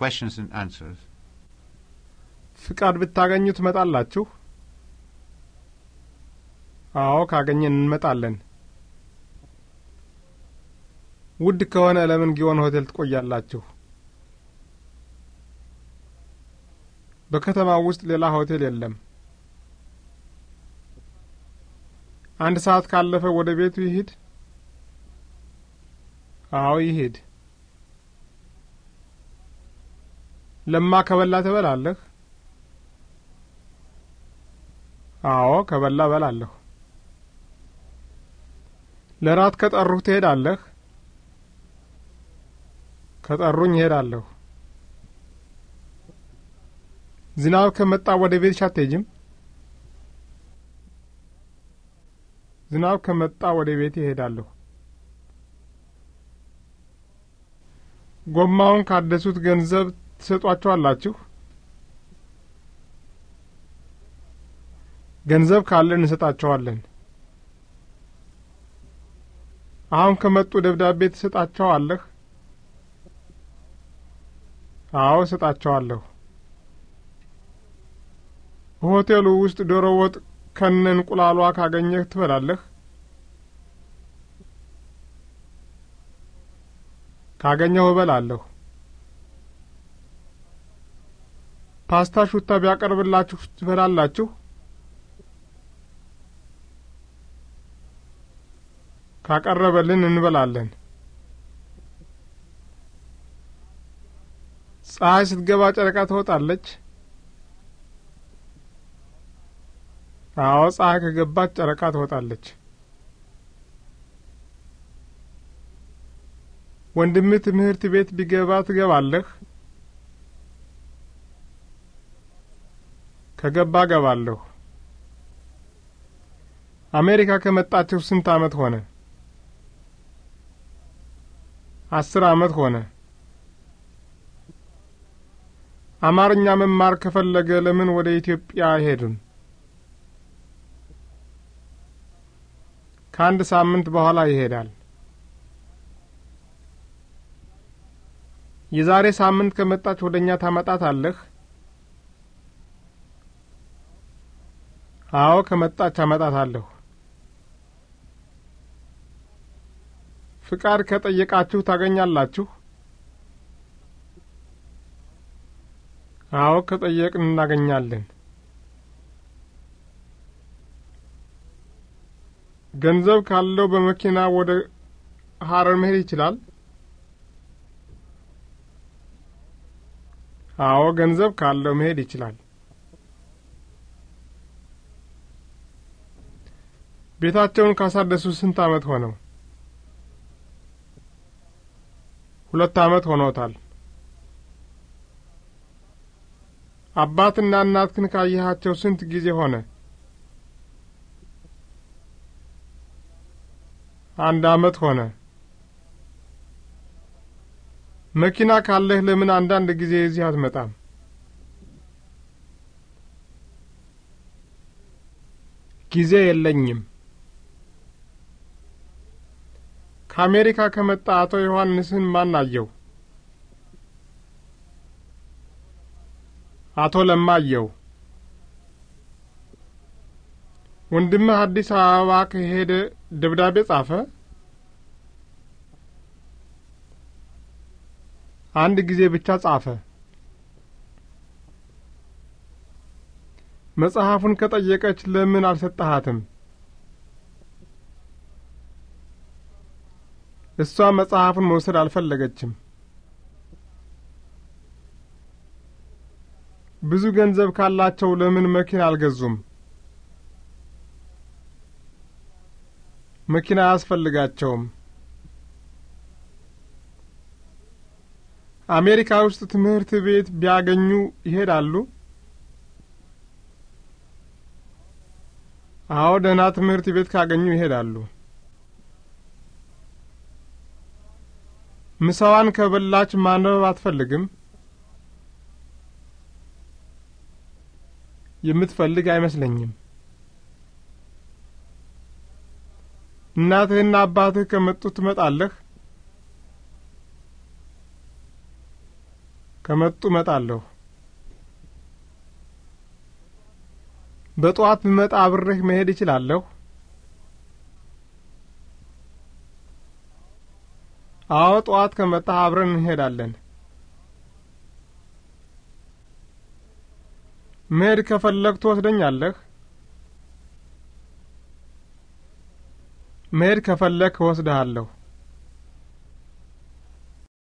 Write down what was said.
questions and answers. ፍቃድ ብታገኙ ትመጣላችሁ? አዎ፣ ካገኘን እንመጣለን። ውድ ከሆነ ለምን ጊዮን ሆቴል ትቆያላችሁ? በከተማው ውስጥ ሌላ ሆቴል የለም። አንድ ሰዓት ካለፈ ወደ ቤቱ ይሂድ። አዎ ይሂድ። ለማ ከበላ ትበላለህ? አዎ ከበላ እበላለሁ። ለራት ከጠሩህ ትሄዳለህ? ከጠሩኝ እሄዳለሁ። ዝናብ ከመጣ ወደ ቤትሽ አትሄጂም? ዝናብ ከመጣ ወደ ቤት ይሄዳለሁ። ጎማውን ካደሱት ገንዘብ ትሰጧቸዋላችሁ? ገንዘብ ካለን እንሰጣቸዋለን። አሁን ከመጡ ደብዳቤ ትሰጣቸዋለህ? አዎ እሰጣቸዋለሁ። ሆቴሉ ውስጥ ዶሮ ወጥ ከነ እንቁላሏ ካገኘህ ትበላለህ? ካገኘሁ እበላለሁ። ፓስታ ሹታ ቢያቀርብላችሁ ትበላላችሁ? ካቀረበልን እንበላለን። ፀሐይ ስትገባ ጨረቃ ትወጣለች? አዎ፣ ፀሐይ ከገባች ጨረቃ ትወጣለች። ወንድምህ ትምህርት ቤት ቢገባ ትገባለህ? ከገባ ገባለሁ። አሜሪካ ከመጣችሁ ስንት ዓመት ሆነ? አስር ዓመት ሆነ። አማርኛ መማር ከፈለገ ለምን ወደ ኢትዮጵያ አይሄድም? ከአንድ ሳምንት በኋላ ይሄዳል። የዛሬ ሳምንት ከመጣች ወደ እኛ ታመጣት አለህ? አዎ ከመጣች አመጣታለሁ። ፍቃድ ከጠየቃችሁ ታገኛላችሁ? አዎ ከጠየቅን እናገኛለን። ገንዘብ ካለው በመኪና ወደ ሀረር መሄድ ይችላል? አዎ ገንዘብ ካለው መሄድ ይችላል። ቤታቸውን ካሳደሱ ስንት ዓመት ሆነው? ሁለት ዓመት ሆኖታል። አባትና እናትህን ካየሃቸው ስንት ጊዜ ሆነ? አንድ ዓመት ሆነ። መኪና ካለህ ለምን አንዳንድ ጊዜ እዚህ አትመጣም? ጊዜ የለኝም። ከአሜሪካ ከመጣ አቶ ዮሐንስን ማን አየው? አቶ ለማ አየው። ወንድምህ አዲስ አበባ ከሄደ ደብዳቤ ጻፈ? አንድ ጊዜ ብቻ ጻፈ። መጽሐፉን ከጠየቀች ለምን አልሰጠሃትም? እሷ መጽሐፉን መውሰድ አልፈለገችም። ብዙ ገንዘብ ካላቸው ለምን መኪና አልገዙም? መኪና አያስፈልጋቸውም። አሜሪካ ውስጥ ትምህርት ቤት ቢያገኙ ይሄዳሉ? አዎ፣ ደህና ትምህርት ቤት ካገኙ ይሄዳሉ። ምሳዋን ከበላች ማንበብ አትፈልግም? የምትፈልግ አይመስለኝም። እናትህና አባትህ ከመጡ ትመጣለህ? ከመጡ እመጣለሁ። በጠዋት ብመጣ አብሬህ መሄድ እችላለሁ? አዎ፣ ጠዋት ከመጣ አብረን እንሄዳለን። መሄድ ከፈለግ ትወስደኛለህ? መሄድ ከፈለግ እወስድሃለሁ።